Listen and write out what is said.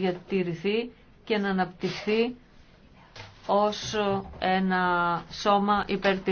διατηρηθεί και να αναπτυχθεί ως ένα σώμα υπέρ της